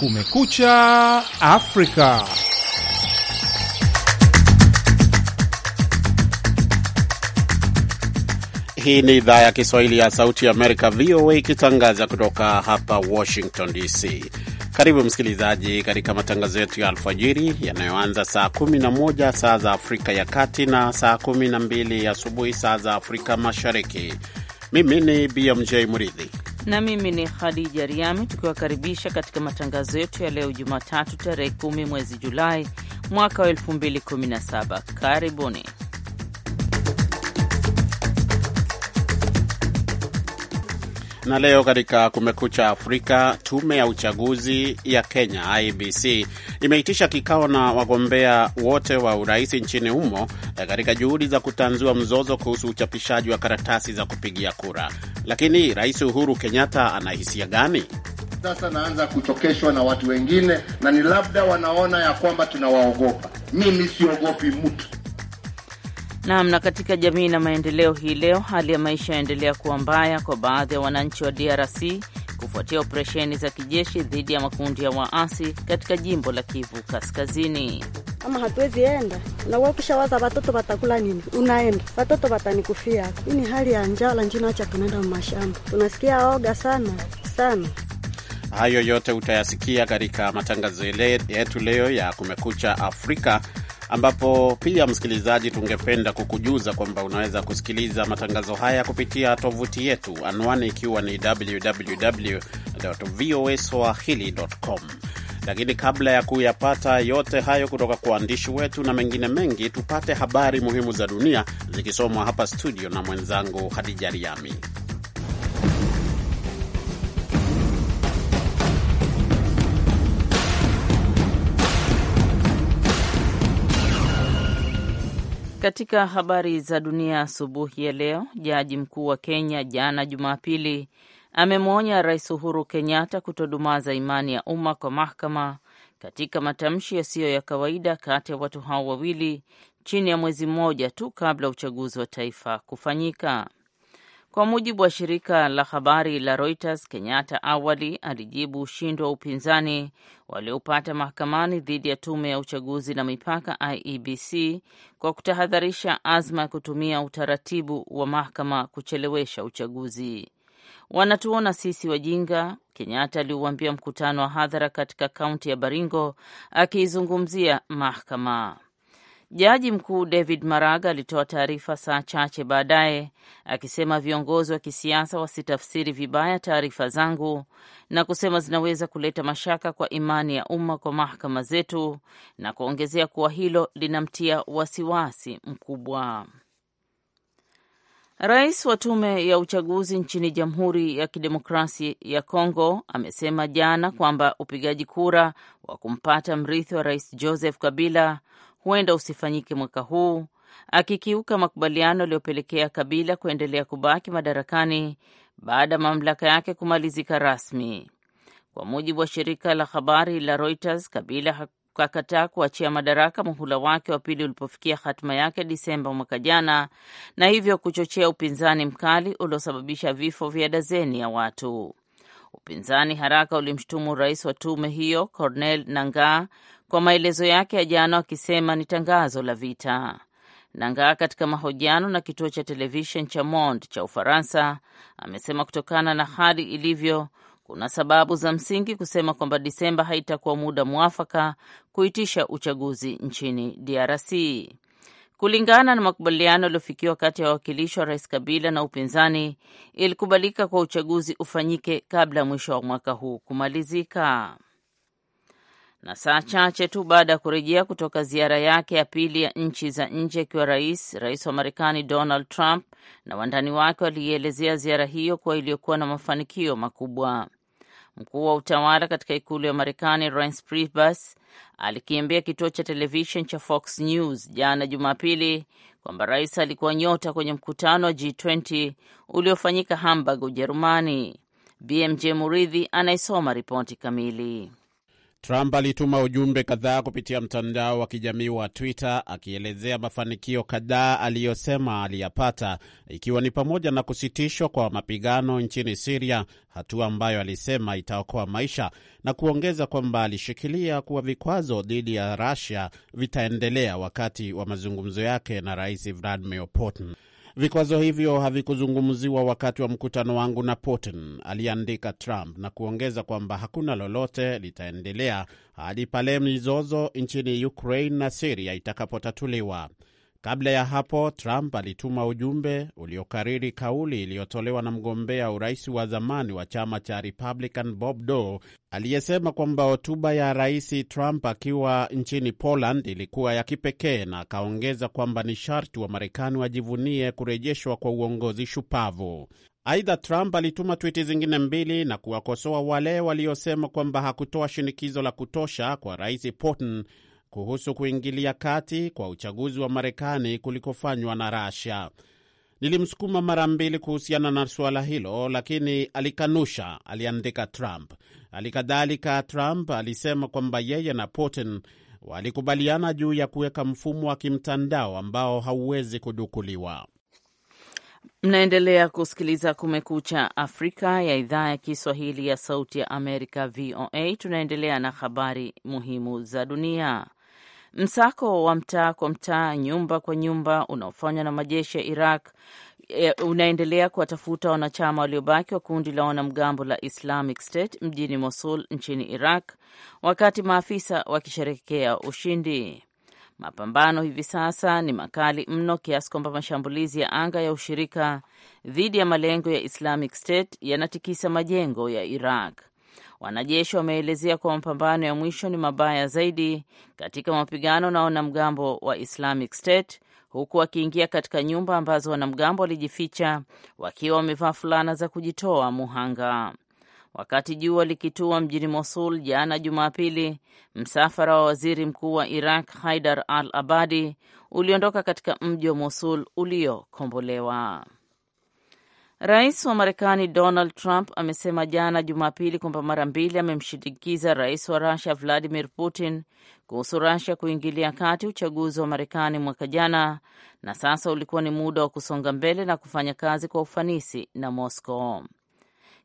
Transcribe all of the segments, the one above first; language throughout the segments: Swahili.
Kumekucha Afrika. Hii ni idhaa ya Kiswahili ya Sauti ya Amerika, VOA, ikitangaza kutoka hapa Washington DC. Karibu msikilizaji, katika matangazo yetu ya alfajiri yanayoanza saa 11 saa za Afrika ya Kati na saa 12 asubuhi saa za Afrika Mashariki. Mimi ni BMJ Muridhi na mimi ni Khadija Riami, tukiwakaribisha katika matangazo yetu ya leo Jumatatu tarehe kumi mwezi Julai mwaka wa 2017. Karibuni. Na leo katika Kumekucha Afrika, tume ya uchaguzi ya Kenya IBC imeitisha kikao na wagombea wote wa urais nchini humo eh, katika juhudi za kutanzua mzozo kuhusu uchapishaji wa karatasi za kupigia kura. Lakini Rais Uhuru Kenyatta anahisia gani? Sasa naanza kuchokeshwa na watu wengine, na ni labda wanaona ya kwamba tunawaogopa. Mimi siogopi mtu. Naam. Na katika jamii na maendeleo, hii leo hali ya maisha yaendelea kuwa mbaya kwa baadhi ya wananchi wa DRC kufuatia operesheni za kijeshi dhidi ya makundi ya waasi katika jimbo la Kivu Kaskazini kama hatuwezi enda, na wewe ukishawaza watoto watakula nini, unaenda watoto watanikufia. Hii ni hali ya njaa la njina, acha tunaenda mashamba, tunasikia oga sana sana. Hayo yote utayasikia katika matangazo yetu leo ya Kumekucha Afrika ambapo pia msikilizaji, tungependa kukujuza kwamba unaweza kusikiliza matangazo haya kupitia tovuti yetu, anwani ikiwa ni www voa swahili com. Lakini kabla ya kuyapata yote hayo kutoka kwa waandishi wetu na mengine mengi, tupate habari muhimu za dunia zikisomwa hapa studio na mwenzangu Hadija Riami. Katika habari za dunia asubuhi ya leo, jaji mkuu wa Kenya jana Jumapili amemwonya Rais Uhuru Kenyatta kutodumaza imani ya umma kwa mahakama katika matamshi yasiyo ya kawaida kati ya watu hao wawili chini ya mwezi mmoja tu kabla ya uchaguzi wa taifa kufanyika. Kwa mujibu wa shirika la habari la Reuters, Kenyatta awali alijibu ushindi wa upinzani walioupata mahakamani dhidi ya tume ya uchaguzi na mipaka IEBC kwa kutahadharisha azma ya kutumia utaratibu wa mahakama kuchelewesha uchaguzi wanatuona sisi wajinga, Kenyatta aliuambia mkutano wa hadhara katika kaunti ya Baringo akiizungumzia mahakama. Jaji mkuu David Maraga alitoa taarifa saa chache baadaye akisema viongozi wa kisiasa wasitafsiri vibaya taarifa zangu na kusema zinaweza kuleta mashaka kwa imani ya umma kwa mahakama zetu na kuongezea kuwa hilo linamtia wasiwasi mkubwa. Rais wa tume ya uchaguzi nchini Jamhuri ya kidemokrasi ya Kongo amesema jana kwamba upigaji kura wa kumpata mrithi wa Rais Joseph Kabila huenda usifanyike mwaka huu, akikiuka makubaliano yaliyopelekea Kabila kuendelea kubaki madarakani baada ya mamlaka yake kumalizika rasmi. Kwa mujibu wa shirika la habari la Reuters, Kabila kukakataa kuachia madaraka muhula wake wa pili ulipofikia hatima yake Disemba mwaka jana, na hivyo kuchochea upinzani mkali uliosababisha vifo vya dazeni ya watu. Upinzani haraka ulimshutumu rais wa tume hiyo Cornel Nangaa kwa maelezo yake ya jana, wakisema ni tangazo la vita. Nangaa katika mahojiano na kituo cha televishen cha Mond cha Ufaransa amesema kutokana na hali ilivyo kuna sababu za msingi kusema kwamba Disemba haitakuwa muda mwafaka kuitisha uchaguzi nchini DRC. Kulingana na makubaliano yaliyofikiwa kati ya wawakilishi wa rais Kabila na upinzani, ilikubalika kwa uchaguzi ufanyike kabla ya mwisho wa mwaka huu kumalizika. Na saa chache tu baada ya kurejea kutoka ziara yake ya pili ya nchi za nje akiwa rais, rais wa Marekani Donald Trump na wandani wake waliielezea ziara hiyo kuwa iliyokuwa na mafanikio makubwa. Mkuu wa utawala katika ikulu ya Marekani Reince Priebus alikiambia kituo cha televishen cha Fox News jana Jumapili kwamba rais alikuwa nyota kwenye mkutano wa G20 uliofanyika Hamburg, Ujerumani. BMJ Muridhi anaisoma ripoti kamili. Trump alituma ujumbe kadhaa kupitia mtandao wa kijamii wa Twitter akielezea mafanikio kadhaa aliyosema aliyapata, ikiwa ni pamoja na kusitishwa kwa mapigano nchini Siria, hatua ambayo alisema itaokoa maisha, na kuongeza kwamba alishikilia kuwa vikwazo dhidi ya Russia vitaendelea wakati wa mazungumzo yake na Rais Vladimir Putin. Vikwazo hivyo havikuzungumziwa wakati wa mkutano wangu na Putin, aliandika Trump na kuongeza kwamba hakuna lolote litaendelea hadi pale mizozo nchini Ukraine na Siria itakapotatuliwa. Kabla ya hapo, Trump alituma ujumbe uliokariri kauli iliyotolewa na mgombea urais wa zamani wa chama cha Republican Bob Dole aliyesema kwamba hotuba ya Rais Trump akiwa nchini Poland ilikuwa ya kipekee, na akaongeza kwamba ni sharti wa Marekani wajivunie kurejeshwa kwa uongozi shupavu. Aidha, Trump alituma twiti zingine mbili na kuwakosoa wale waliosema kwamba hakutoa shinikizo la kutosha kwa Rais Putin kuhusu kuingilia kati kwa uchaguzi wa Marekani kulikofanywa na rasia Nilimsukuma mara mbili kuhusiana na suala hilo, lakini alikanusha, aliandika Trump. Halikadhalika, Trump alisema kwamba yeye na Putin walikubaliana juu ya kuweka mfumo wa kimtandao ambao hauwezi kudukuliwa. Mnaendelea kusikiliza Kumekucha Afrika ya idhaa ya Kiswahili ya Sauti ya Amerika, VOA. Tunaendelea na habari muhimu za dunia. Msako wa mtaa kwa mtaa, nyumba kwa nyumba, unaofanywa na majeshi ya Iraq e, unaendelea kuwatafuta wanachama waliobaki wa kundi la wanamgambo la Islamic State mjini Mosul nchini Iraq, wakati maafisa wakisherekea ushindi. Mapambano hivi sasa ni makali mno kiasi kwamba mashambulizi ya anga ya ushirika dhidi ya malengo ya Islamic State yanatikisa majengo ya Iraq. Wanajeshi wameelezea kuwa mapambano ya mwisho ni mabaya zaidi katika mapigano na wanamgambo wa Islamic State, huku wakiingia katika nyumba ambazo wanamgambo walijificha wakiwa wamevaa fulana za kujitoa muhanga. Wakati jua likitua mjini Mosul jana Jumapili, msafara wa waziri mkuu wa Iraq Haidar al Abadi uliondoka katika mji wa Mosul uliokombolewa. Rais wa Marekani Donald Trump amesema jana Jumapili kwamba mara mbili amemshinikiza rais wa Rusia Vladimir Putin kuhusu Rusia kuingilia kati uchaguzi wa Marekani mwaka jana, na sasa ulikuwa ni muda wa kusonga mbele na kufanya kazi kwa ufanisi na Moscow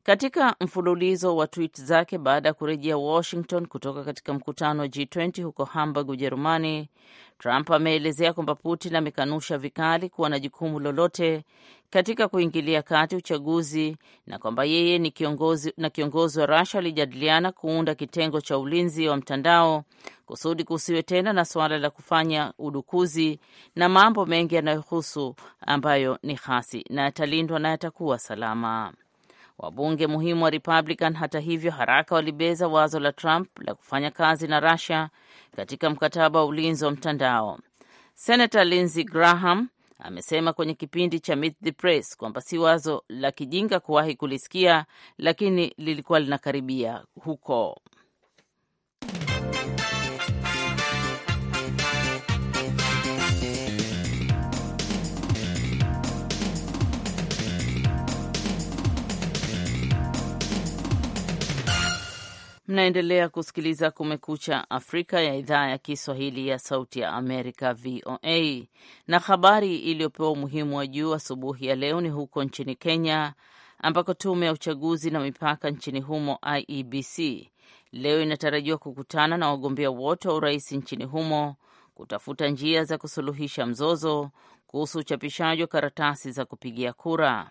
katika mfululizo wa tweet zake baada ya kurejea Washington kutoka katika mkutano wa G20 huko Hamburg, Ujerumani, Trump ameelezea kwamba Putin amekanusha vikali kuwa na jukumu lolote katika kuingilia kati uchaguzi na kwamba yeye ni kiongozi na kiongozi wa rasha alijadiliana kuunda kitengo cha ulinzi wa mtandao kusudi kusiwe tena na suala la kufanya udukuzi na mambo mengi yanayohusu ambayo ni hasi na yatalindwa na yatakuwa salama. Wabunge muhimu wa Republican hata hivyo haraka walibeza wazo la Trump la kufanya kazi na Russia katika mkataba wa ulinzi wa mtandao. Senator Lindsey Graham amesema kwenye kipindi cha Meet the Press kwamba si wazo la kijinga kuwahi kulisikia, lakini lilikuwa linakaribia huko. Mnaendelea kusikiliza Kumekucha Afrika ya idhaa ya Kiswahili ya Sauti ya Amerika, VOA. Na habari iliyopewa umuhimu wa juu asubuhi ya leo ni huko nchini Kenya, ambako tume ya uchaguzi na mipaka nchini humo IEBC leo inatarajiwa kukutana na wagombea wote wa urais nchini humo kutafuta njia za kusuluhisha mzozo kuhusu uchapishaji wa karatasi za kupigia kura.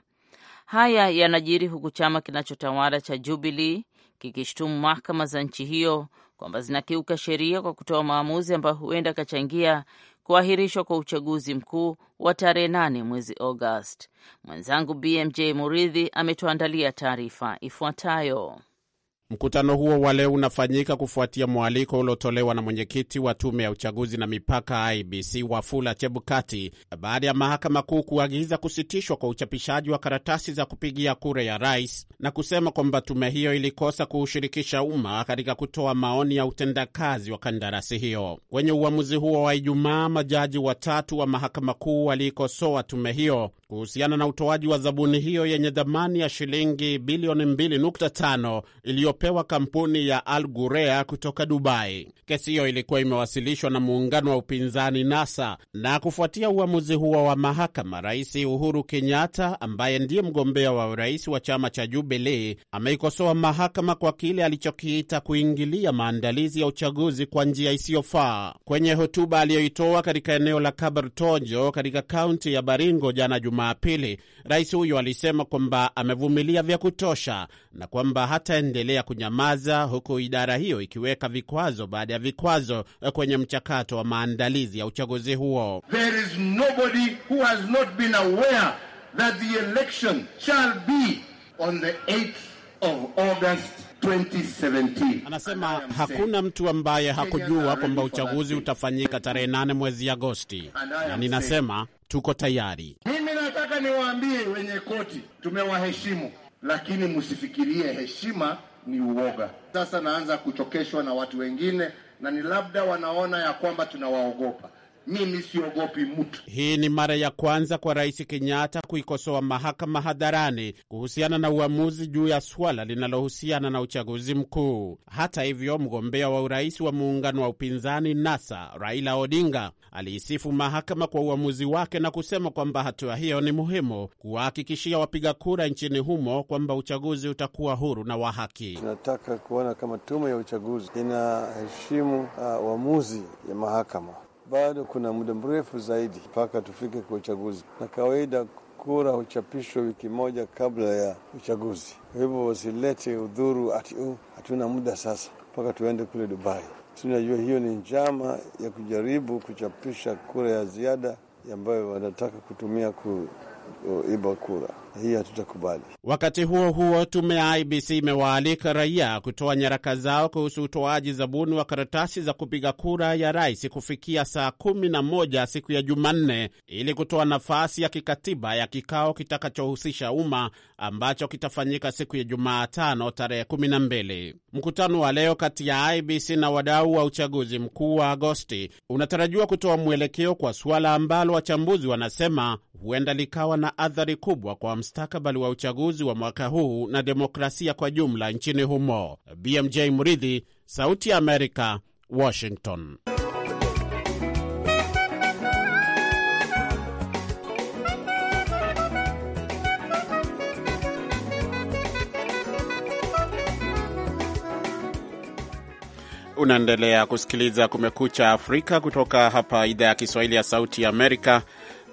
Haya yanajiri huku chama kinachotawala cha Jubilee kikishutumu mahakama za nchi hiyo kwamba zinakiuka sheria kwa kutoa maamuzi ambayo huenda akachangia kuahirishwa kwa uchaguzi mkuu wa tarehe nane mwezi Agosti. Mwenzangu BMJ Muridhi ametuandalia taarifa ifuatayo. Mkutano huo wa leo unafanyika kufuatia mwaliko uliotolewa na mwenyekiti wa tume ya uchaguzi na mipaka IBC Wafula Chebukati baada ya mahakama kuu kuagiza kusitishwa kwa uchapishaji wa karatasi za kupigia kura ya rais na kusema kwamba tume hiyo ilikosa kuushirikisha umma katika kutoa maoni ya utendakazi wa kandarasi hiyo. Kwenye uamuzi huo wa Ijumaa, majaji watatu wa mahakama kuu waliikosoa tume hiyo kuhusiana na utoaji wa zabuni hiyo yenye thamani ya shilingi bilioni 2.5 iliyopewa kampuni ya Al Gurea kutoka Dubai. Kesi hiyo ilikuwa imewasilishwa na muungano wa upinzani NASA, na kufuatia uamuzi huo wa mahakama, Rais Uhuru Kenyatta ambaye ndiye mgombea wa urais wa chama cha Jubilee ameikosoa mahakama kwa kile alichokiita kuingilia maandalizi ya uchaguzi kwa njia isiyofaa. Kwenye hotuba aliyoitoa katika eneo la Kabartojo katika kaunti ya Baringo jana Jumatatu, Jumapili, rais huyo alisema kwamba amevumilia vya kutosha na kwamba hataendelea kunyamaza, huku idara hiyo ikiweka vikwazo baada ya vikwazo eh, kwenye mchakato wa maandalizi ya uchaguzi huo. There is nobody who has not been aware that the election shall be on the 8th of August. 2017. Anasema hakuna mtu ambaye hakujua kwamba uchaguzi utafanyika tarehe nane mwezi Agosti, na ninasema tuko tayari. Mimi nataka niwaambie wenye koti, tumewaheshimu, lakini msifikirie heshima ni uoga. Sasa naanza kuchokeshwa na watu wengine, na ni labda wanaona ya kwamba tunawaogopa mimi siogopi mtu. Hii ni mara ya kwanza kwa Rais Kenyatta kuikosoa mahakama hadharani kuhusiana na uamuzi juu ya swala linalohusiana na uchaguzi mkuu. Hata hivyo, mgombea wa urais wa muungano wa upinzani NASA Raila Odinga aliisifu mahakama kwa uamuzi wake na kusema kwamba hatua hiyo ni muhimu kuwahakikishia wapiga kura nchini humo kwamba uchaguzi utakuwa huru na wa haki. Tunataka kuona kama tume ya uchaguzi inaheshimu uh, uamuzi uh, ya mahakama bado kuna muda mrefu zaidi mpaka tufike kwa uchaguzi, na kawaida kura huchapishwa wiki moja kabla ya uchaguzi. Kwa hivyo wasilete udhuru ati uh, hatuna muda sasa mpaka tuende kule Dubai. Tunajua hiyo ni njama ya kujaribu kuchapisha kura ya ziada ambayo wanataka kutumia kuiba kura hii hatutakubali. Wakati huo huo, tume ya IBC imewaalika raia kutoa nyaraka zao kuhusu utoaji zabuni wa karatasi za kupiga kura ya rais kufikia saa kumi na moja siku ya Jumanne ili kutoa nafasi ya kikatiba ya kikao kitakachohusisha umma ambacho kitafanyika siku ya Jumatano tarehe kumi na mbili. Mkutano wa leo kati ya IBC na wadau wa uchaguzi mkuu wa Agosti unatarajiwa kutoa mwelekeo kwa suala ambalo wachambuzi wanasema huenda likawa na athari kubwa kwa mstakabali wa uchaguzi wa mwaka huu na demokrasia kwa jumla nchini humo. BMJ Mridhi, Sauti ya Amerika, Washington. Unaendelea kusikiliza Kumekucha Afrika kutoka hapa idhaa ya Kiswahili ya Sauti ya Amerika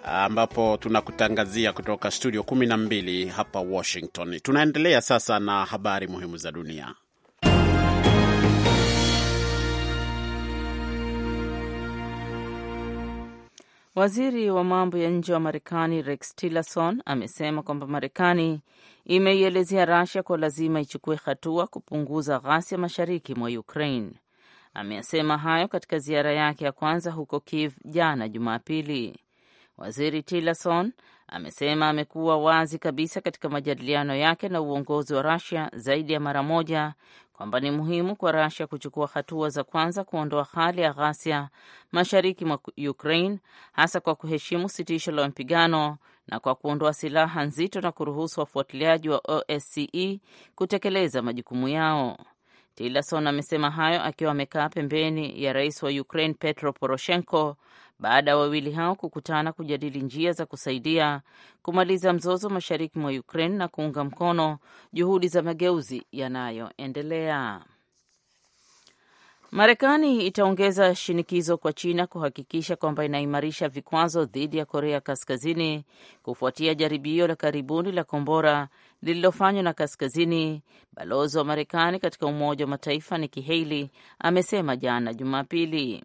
ambapo tunakutangazia kutoka studio 12 hapa Washington. Tunaendelea sasa na habari muhimu za dunia. Waziri wa mambo ya nje wa Marekani Rex Tillerson amesema kwamba Marekani imeielezea Rasia kwa lazima ichukue hatua kupunguza ghasia mashariki mwa Ukraine. Ameyasema hayo katika ziara yake ya kwanza huko Kiev jana Jumapili. Waziri Tillerson amesema amekuwa wazi kabisa katika majadiliano yake na uongozi wa rasia zaidi ya mara moja kwamba ni muhimu kwa rasia kuchukua hatua za kwanza kuondoa hali ya ghasia mashariki mwa Ukraine, hasa kwa kuheshimu sitisho la mapigano na kwa kuondoa silaha nzito na kuruhusu wafuatiliaji wa OSCE kutekeleza majukumu yao. Tillerson amesema hayo akiwa amekaa pembeni ya rais wa Ukraine Petro Poroshenko baada ya wawili hao kukutana kujadili njia za kusaidia kumaliza mzozo mashariki mwa Ukraine na kuunga mkono juhudi za mageuzi yanayoendelea. Marekani itaongeza shinikizo kwa China kuhakikisha kwamba inaimarisha vikwazo dhidi ya Korea Kaskazini kufuatia jaribio la karibuni la kombora lililofanywa na Kaskazini. Balozi wa Marekani katika Umoja wa Mataifa Nikki Haley amesema jana Jumapili.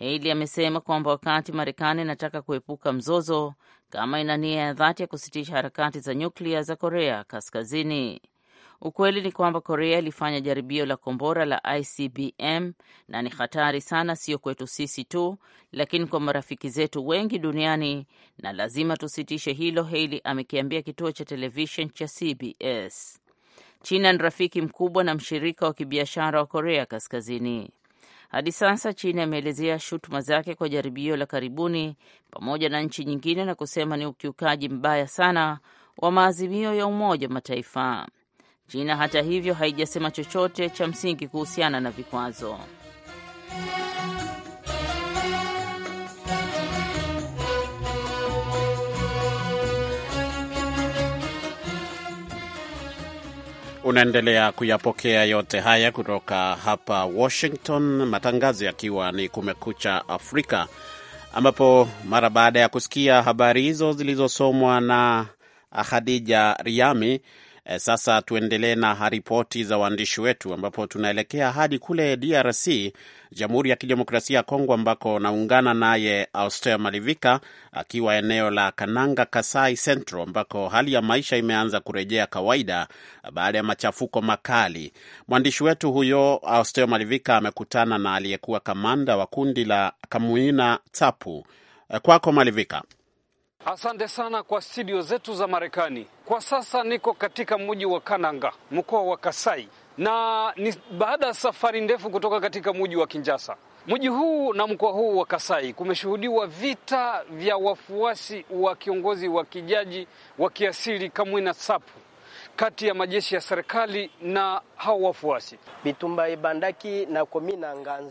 Haley amesema kwamba wakati Marekani inataka kuepuka mzozo, kama ina nia ya dhati ya kusitisha harakati za nyuklia za Korea Kaskazini. Ukweli ni kwamba Korea ilifanya jaribio la kombora la ICBM na ni hatari sana, sio kwetu sisi tu, lakini kwa marafiki zetu wengi duniani, na lazima tusitishe hilo, Haley amekiambia kituo cha televishen cha CBS. China ni rafiki mkubwa na mshirika wa kibiashara wa Korea Kaskazini. Hadi sasa China imeelezea shutuma zake kwa jaribio la karibuni pamoja na nchi nyingine na kusema ni ukiukaji mbaya sana wa maazimio ya Umoja wa Mataifa. China hata hivyo haijasema chochote cha msingi kuhusiana na vikwazo. Unaendelea kuyapokea yote haya kutoka hapa Washington, matangazo yakiwa ni Kumekucha Afrika, ambapo mara baada ya kusikia habari hizo zilizosomwa na Khadija Riami Eh, sasa tuendelee na ripoti za waandishi wetu, ambapo tunaelekea hadi kule DRC, Jamhuri ya Kidemokrasia ya Kongo, ambako naungana naye Austea Malivika akiwa eneo la Kananga, Kasai Central, ambako hali ya maisha imeanza kurejea kawaida baada ya machafuko makali. Mwandishi wetu huyo Austea Malivika amekutana na aliyekuwa kamanda wa kundi la Kamuina Tapu. Eh, kwako Malivika. Asante sana kwa studio zetu za Marekani. Kwa sasa niko katika mji wa Kananga, mkoa wa Kasai, na ni baada ya safari ndefu kutoka katika mji wa Kinjasa. Mji huu na mkoa huu wa Kasai kumeshuhudiwa vita vya wafuasi wa kiongozi wa kijaji wa kiasili Kamwina Sapu kati ya majeshi ya serikali na hao wafuasi.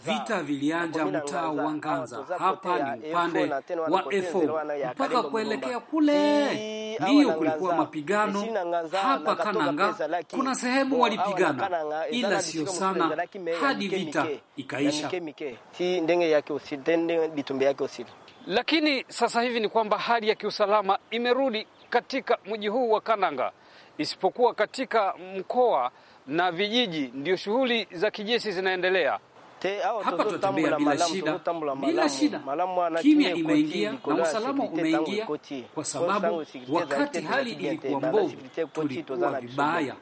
Vita vilianja mtaa wa Nganza, hapa ni upande wa Efo mpaka kuelekea kule, ndiyo kulikuwa mapigano hapa Kananga. Kuna sehemu walipigana, ila sio sana, hadi vita ikaisha. Lakini sasa hivi ni kwamba hali ya kiusalama imerudi katika mji huu wa Kananga isipokuwa katika mkoa na vijiji ndio shughuli za kijeshi zinaendelea. Hapa tutatembea bila shida, bila shida. Kimya imeingia na usalama umeingia, kwa sababu wakati hali ilikuwa mbovu, tulikuwa vibaya,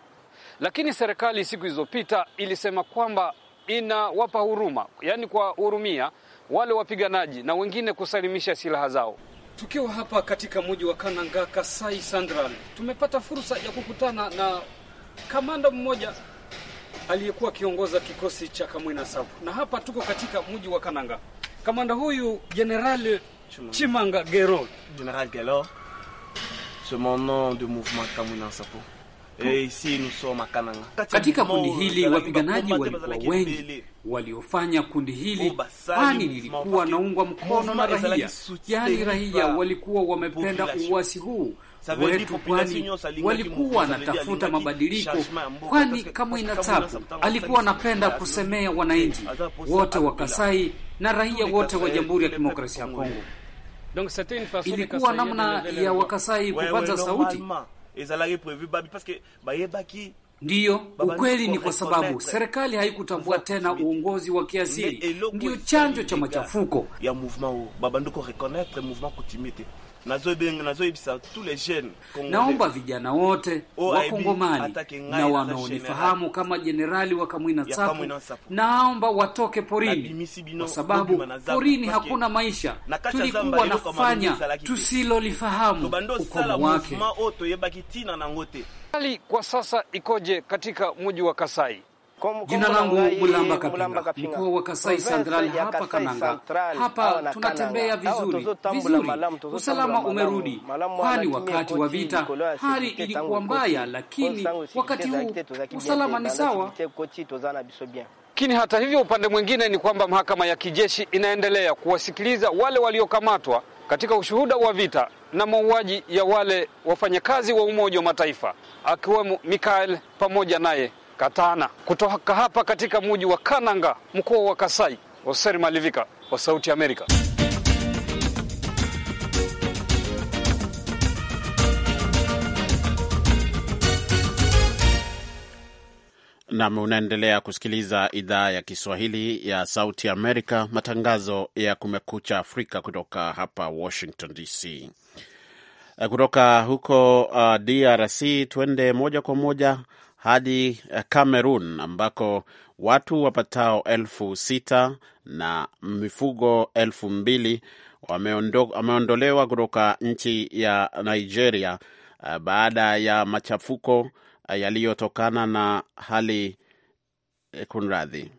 lakini serikali siku zilizopita ilisema kwamba inawapa huruma, yaani kuwahurumia wale wapiganaji na wengine kusalimisha silaha zao. Tukiwa hapa katika mji wa Kananga, Kasai Central, tumepata fursa ya kukutana na kamanda mmoja aliyekuwa akiongoza kikosi cha Kamwina Sabu, na hapa tuko katika mji wa Kananga. Kamanda huyu general Chimanga Gero, General Gelo, c'est de mouvement Kamwina Sapu. Hey, si nous sommes à Kananga. Katika kundi hili wapiganaji walikuwa wengi waliofanya kundi hili, kwani lilikuwa naungwa mkono na rahia, yaani rahia walikuwa wamependa uwasi huu wetu kwani walikuwa wanatafuta mabadiliko, kwani Kamwina Tabu alikuwa anapenda kusemea wananchi wote wa Kasai na raia wote wa Jamhuri ya Kidemokrasia ya Kongo. Ilikuwa namna yaani ya Wakasai kupaza sauti Ndiyo, ukweli ni kwa sababu serikali haikutambua tena uongozi wa kiasili, ndiyo chanjo cha machafuko ya reconnaître mouvement Naomba vijana wote Wakongomani na wanaonifahamu kama Jenerali wa Kamwina Nsapu, naomba watoke porini, kwa sababu porini hakuna maisha. Tulikuwa nafanya tusilolifahamu ukomo wake. Hali kwa sasa ikoje katika mji wa Kasai? Jina langu Mulamba Kapinga, mkoa wa Kasai Central hapa Kananga. Hapa tunatembea vizuri vizuri, usalama umerudi, kwani wakati wa vita hali ilikuwa mbaya, lakini wakati huu usalama ni sawa. Lakini hata hivyo, upande mwingine ni kwamba mahakama ya kijeshi inaendelea kuwasikiliza wale waliokamatwa katika ushuhuda wa vita na mauaji ya wale wafanyakazi wa Umoja wa Mataifa akiwemo Mikael pamoja naye Katana. Kutoka hapa katika muji wa Kananga, mkoa wa Kasai, Hoser Malivika wa Sauti Amerika. Nam, unaendelea kusikiliza idhaa ya Kiswahili ya Sauti Amerika, matangazo ya Kumekucha Afrika kutoka hapa Washington DC. Eh, kutoka huko uh, ah, DRC, tuende moja kwa moja hadi eh, Cameroon ambako watu wapatao elfu sita na mifugo elfu mbili wameondolewa kutoka nchi ya Nigeria eh, baada ya machafuko eh, yaliyotokana na hali kunradhi,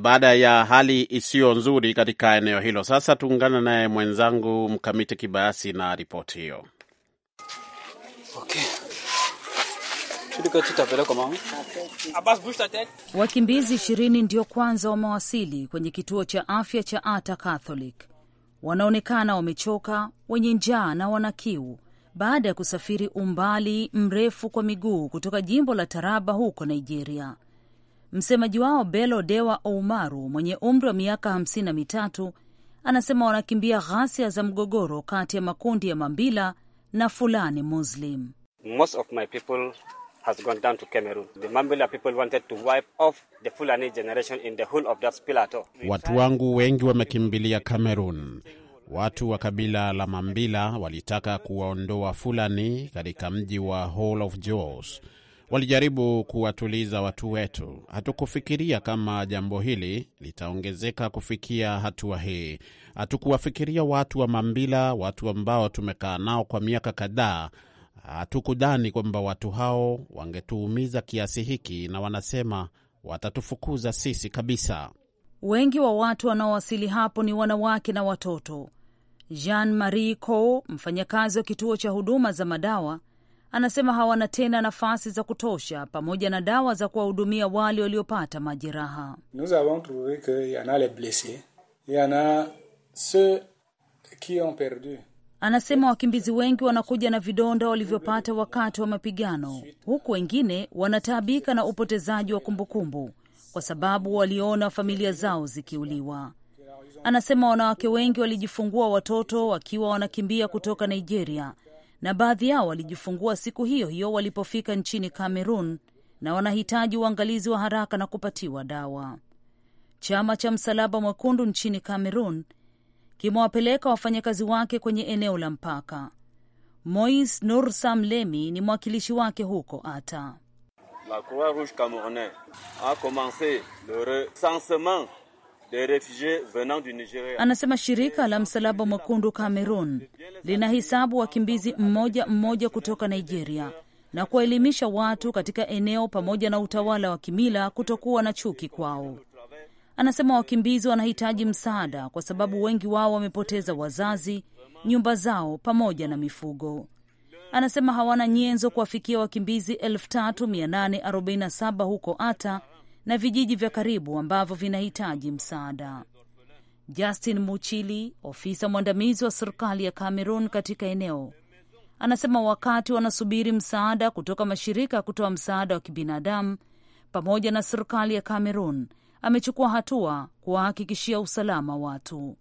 baada ya hali isiyo nzuri katika eneo hilo. Sasa tuungana naye mwenzangu Mkamiti Kibayasi na ripoti hiyo. Okay. Wakimbizi ishirini ndio kwanza wamewasili kwenye kituo cha afya cha Ata Catholic. Wanaonekana wamechoka, wenye njaa na wana kiu baada ya kusafiri umbali mrefu kwa miguu kutoka jimbo la Taraba huko Nigeria. Msemaji wao belo Dewa Oumaru mwenye umri wa miaka hamsini na mitatu anasema wanakimbia ghasia za mgogoro kati ya makundi ya Mambila na Fulani Muslim. Most of my people has gone down to Cameroon. The Mambila people wanted to wipe off the Fulani generation in the whole of that spilato. Watu wangu wengi wamekimbilia Cameroon. Watu wa kabila la Mambila walitaka kuwaondoa Fulani katika mji wa Hall of Jaws. Walijaribu kuwatuliza watu wetu. Hatukufikiria kama jambo hili litaongezeka kufikia hatua hii. Hatukuwafikiria watu wa Mambila, watu ambao tumekaa nao kwa miaka kadhaa hatukudhani kwamba watu hao wangetuumiza kiasi hiki, na wanasema watatufukuza sisi kabisa. Wengi wa watu wanaowasili hapo ni wanawake na watoto. Jean Marie Co, mfanyakazi wa kituo cha huduma za madawa, anasema hawana tena nafasi za kutosha pamoja na dawa za kuwahudumia wale waliopata majeraha. Anasema wakimbizi wengi wanakuja na vidonda walivyopata wakati wa mapigano, huku wengine wanataabika na upotezaji wa kumbukumbu kwa sababu waliona familia zao zikiuliwa. Anasema wanawake wengi walijifungua watoto wakiwa wanakimbia kutoka Nigeria, na baadhi yao walijifungua siku hiyo hiyo walipofika nchini Cameroon na wanahitaji uangalizi wa haraka na kupatiwa dawa. Chama cha Msalaba Mwekundu nchini Cameroon kimewapeleka wafanyakazi wake kwenye eneo la mpaka. Mois Nursam Lemi ni mwakilishi wake huko Ata. La Croix Rouge Camerounaise a commence le recensement des refugies venant du Nigeria. Anasema shirika la Msalaba Mwekundu Cameroon hisabu wakimbizi mmoja mmoja kutoka Nigeria na kuwaelimisha watu katika eneo pamoja na utawala wa kimila kutokuwa na chuki kwao. Anasema wakimbizi wanahitaji msaada kwa sababu wengi wao wamepoteza wazazi, nyumba zao pamoja na mifugo. Anasema hawana nyenzo kuwafikia wakimbizi 3847 huko Ata na vijiji vya karibu ambavyo vinahitaji msaada. Justin Muchili, ofisa mwandamizi wa serikali ya Cameroon katika eneo, anasema wakati wanasubiri msaada kutoka mashirika ya kutoa msaada wa kibinadamu pamoja na serikali ya Cameroon, amechukua hatua kuwahakikishia usalama watu.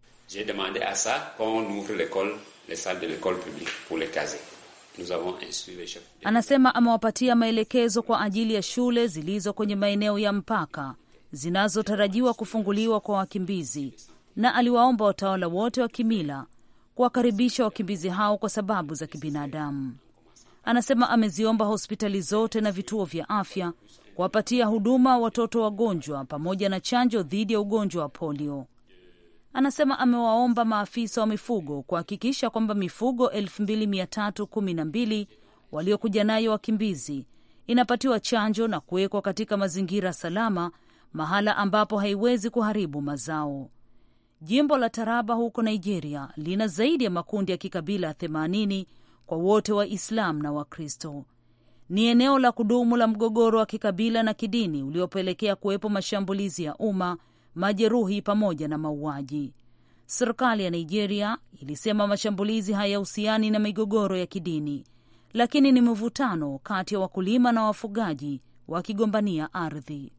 Anasema amewapatia maelekezo kwa ajili ya shule zilizo kwenye maeneo ya mpaka zinazotarajiwa kufunguliwa kwa wakimbizi, na aliwaomba watawala wote wa kimila kuwakaribisha wakimbizi hao kwa sababu za kibinadamu. Anasema ameziomba hospitali zote na vituo vya afya kuwapatia huduma watoto wagonjwa pamoja na chanjo dhidi ya ugonjwa wa polio. Anasema amewaomba maafisa wa mifugo kuhakikisha kwamba mifugo 2312 waliokuja nayo wakimbizi inapatiwa chanjo na kuwekwa katika mazingira salama, mahala ambapo haiwezi kuharibu mazao. Jimbo la Taraba huko Nigeria lina zaidi ya makundi ya kikabila 80 kwa wote Waislamu na Wakristo ni eneo la kudumu la mgogoro wa kikabila na kidini uliopelekea kuwepo mashambulizi ya umma, majeruhi pamoja na mauaji. Serikali ya Nigeria ilisema mashambulizi hayahusiani na migogoro ya kidini, lakini ni mvutano kati ya wakulima na wafugaji wakigombania ardhi.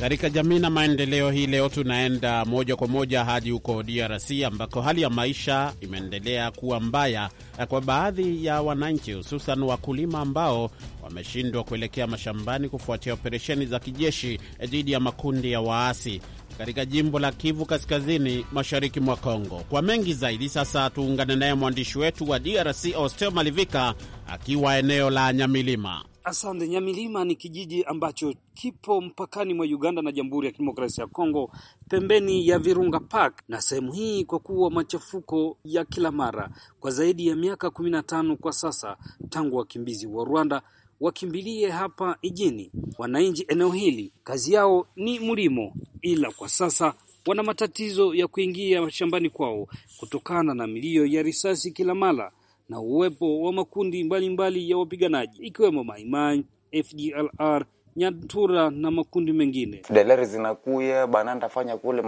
Katika jamii na maendeleo, hii leo tunaenda moja kwa moja hadi huko DRC ambako hali ya maisha imeendelea kuwa mbaya kwa baadhi ya wananchi, hususan wakulima ambao wameshindwa kuelekea mashambani kufuatia operesheni za kijeshi dhidi ya makundi ya waasi katika jimbo la Kivu Kaskazini, mashariki mwa Kongo. Kwa mengi zaidi, sasa tuungane naye mwandishi wetu wa DRC Osteo Malivika akiwa eneo la Nyamilima. Asante. Nyamilima ni kijiji ambacho kipo mpakani mwa Uganda na Jamhuri ya Kidemokrasia ya Kongo, pembeni ya Virunga Park, na sehemu hii kwa kuwa machafuko ya kila mara kwa zaidi ya miaka kumi na tano kwa sasa, tangu wakimbizi wa Rwanda wakimbilie hapa ijini. Wananchi eneo hili kazi yao ni mlimo, ila kwa sasa wana matatizo ya kuingia shambani kwao kutokana na milio ya risasi kila mara na uwepo wa makundi mbalimbali mbali ya wapiganaji ikiwemo Maimai, FDLR, Nyatura na makundi mengine. deleri zinakuya bananda fanya kule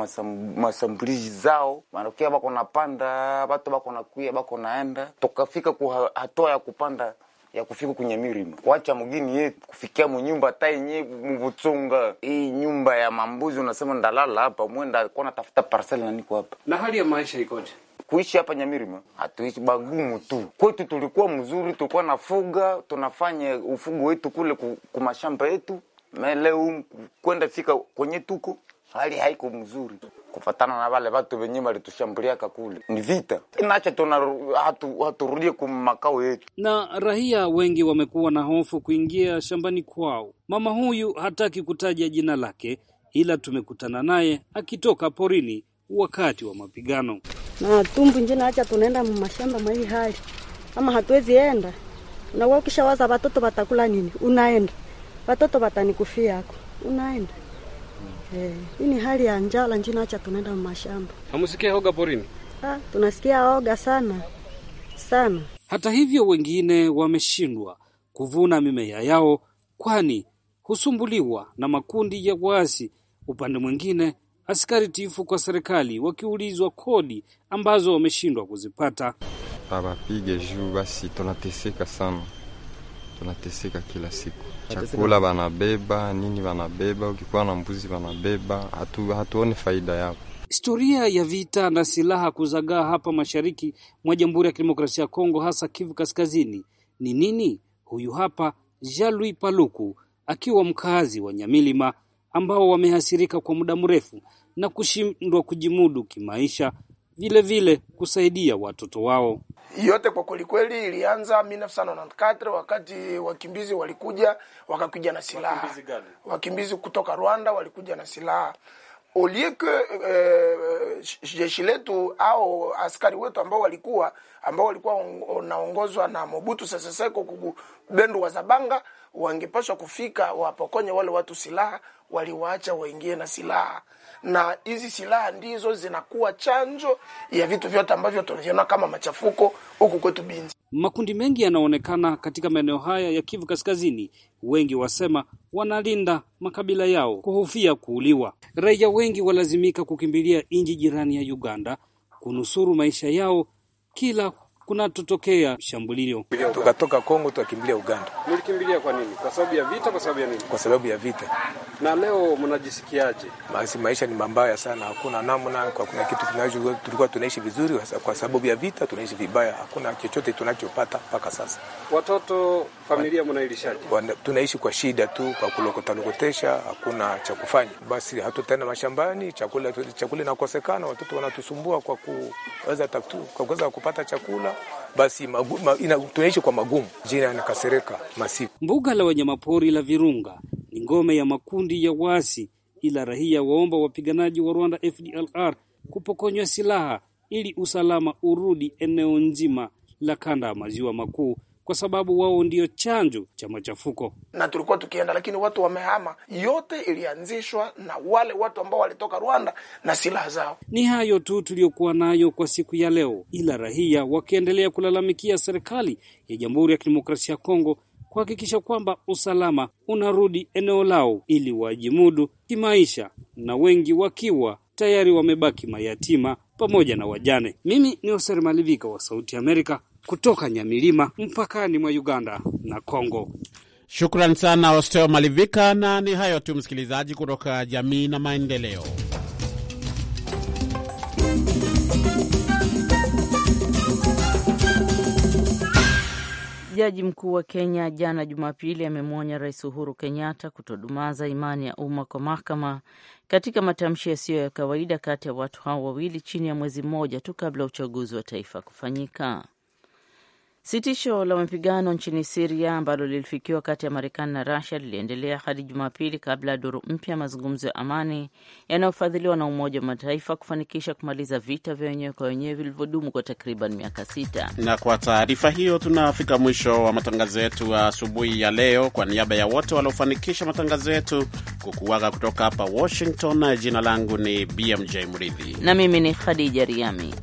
masambulizi zao banakia bako napanda batu bako nakuya bako naenda tukafika kuhatoa hatua ya kupanda ya kufika kwenye mirima kuacha mgini yetu kufikia munyumba tainye mvutsonga hii nyumba ya mambuzi unasema ndalala hapa mwenda kwa natafuta parcel na niko hapa. Na hali ya maisha ikoje? Kuishi hapa Nyamirima hatuishi bagumu tu. Kwetu tulikuwa mzuri, tulikuwa nafuga, tunafanya ufugo wetu kule kumashamba yetu, meleu kwenda fika kwenye tuko hali haiko mzuri kufatana na wale watu wenye walitushambuliaka kule, ni vita inacho tuna hatu haturudie kumakao yetu, na raia wengi wamekuwa na hofu kuingia shambani kwao. Mama huyu hataki kutaja jina lake, ila tumekutana naye akitoka porini wakati wa mapigano na tumbu njina. Acha tunaenda mashamba mwa hali, ama hatuwezi enda na wewe kisha waza watoto watakula nini? Unaenda watoto watanikufia yako, unaenda Eh, hii ni hali ya njala njina, acha tunaenda mashamba. Hamusikia hoga porini? Ah, tunasikia hoga sana sana. Hata hivyo, wengine wameshindwa kuvuna mimea yao, kwani husumbuliwa na makundi ya waasi. Upande mwingine, askari tifu kwa serikali wakiulizwa kodi ambazo wameshindwa kuzipata. Tabapige juu basi, tunateseka sana tunateseka kila siku, chakula wanabeba nini, wanabeba ukikuwa na mbuzi wanabeba hatu, hatuoni faida yao Historia ya vita na silaha kuzagaa hapa mashariki mwa Jamhuri ya Kidemokrasia ya Kongo, hasa Kivu Kaskazini ni nini? Huyu hapa Jalui Paluku akiwa mkazi wa Nyamilima ambao wamehasirika kwa muda mrefu na kushindwa kujimudu kimaisha vile vile kusaidia watoto wao. Yote kwa kwelikweli ilianza 1994 wakati wakimbizi walikuja wakakuja na silaha. Wakimbizi, wakimbizi kutoka Rwanda walikuja na silaha olieke eh, eh, jeshi letu au askari wetu ambao walikuwa ambao walikuwa naongozwa na Mobutu Sese Seko wa Zabanga wangepaswa kufika wapokonye wale watu silaha, waliwaacha waingie na silaha, na hizi silaha ndizo zinakuwa chanjo ya vitu vyote ambavyo tunaviona kama machafuko huku kwetu Binzi. Makundi mengi yanaonekana katika maeneo haya ya Kivu Kaskazini, wengi wasema wanalinda makabila yao kuhofia kuuliwa. Raia wengi walazimika kukimbilia nchi jirani ya Uganda kunusuru maisha yao kila kunatotokea shambulio. Tukatoka Kongo tukakimbilia Uganda. Mlikimbilia kwa nini? Kwa sababu ya vita? Kwa sababu ya nini? Kwa sababu ya vita. Na leo mnajisikiaje? Basi maisha ni mabaya sana, hakuna namna, kuna kitu kinacho. Tulikuwa tunaishi vizuri, kwa sababu ya vita tunaishi vibaya, hakuna chochote tunachopata mpaka sasa. Watoto Familia mnailishaje? Tunaishi kwa shida tu, kwa kulokotalokotesha, hakuna cha kufanya. Basi hatutaenda mashambani, chakula chakula inakosekana, watoto wanatusumbua kwa kuweza kwa kuweza kupata chakula. Basi magu, ma, ina, tunaishi kwa magumu. Jina ni Kasereka Masiku. Mbuga la wanyamapori la Virunga ni ngome ya makundi ya waasi, ila rahia waomba wapiganaji wa Rwanda FDLR kupokonywa silaha ili usalama urudi eneo nzima la kanda ya maziwa makuu kwa sababu wao ndio chanjo cha machafuko, na tulikuwa tukienda, lakini watu wamehama. Yote ilianzishwa na wale watu ambao walitoka Rwanda na silaha zao. Ni hayo tu tuliyokuwa nayo kwa siku ya leo, ila rahia wakiendelea kulalamikia serikali ya Jamhuri ya Kidemokrasia ya Kongo kuhakikisha kwamba usalama unarudi eneo lao ili wajimudu kimaisha, na wengi wakiwa tayari wamebaki mayatima pamoja na wajane. Mimi ni Oser Malivika wa Sauti Amerika, kutoka Nyamilima mpakani mwa Uganda na Kongo. Shukran sana Osteo Malivika, na ni hayo tu msikilizaji, kutoka jamii na maendeleo. Jaji mkuu wa Kenya jana Jumapili amemwonya Rais Uhuru Kenyatta kutodumaza imani ya umma kwa mahakama katika matamshi yasiyo ya kawaida kati ya watu hao wawili chini ya mwezi mmoja tu kabla ya uchaguzi wa taifa kufanyika. Sitisho la mapigano nchini Siria ambalo lilifikiwa kati ya Marekani na Rusia liliendelea hadi Jumapili kabla ya duru mpya ya mazungumzo ya amani yanayofadhiliwa na Umoja wa Mataifa kufanikisha kumaliza vita vya wenyewe kwa wenyewe vilivyodumu kwa takriban miaka sita. Na kwa taarifa hiyo, tunafika mwisho wa matangazo yetu asubuhi ya leo. Kwa niaba ya wote waliofanikisha matangazo yetu kukuaga kutoka hapa Washington, jina langu ni BMJ Mridhi na mimi ni Khadija Riami.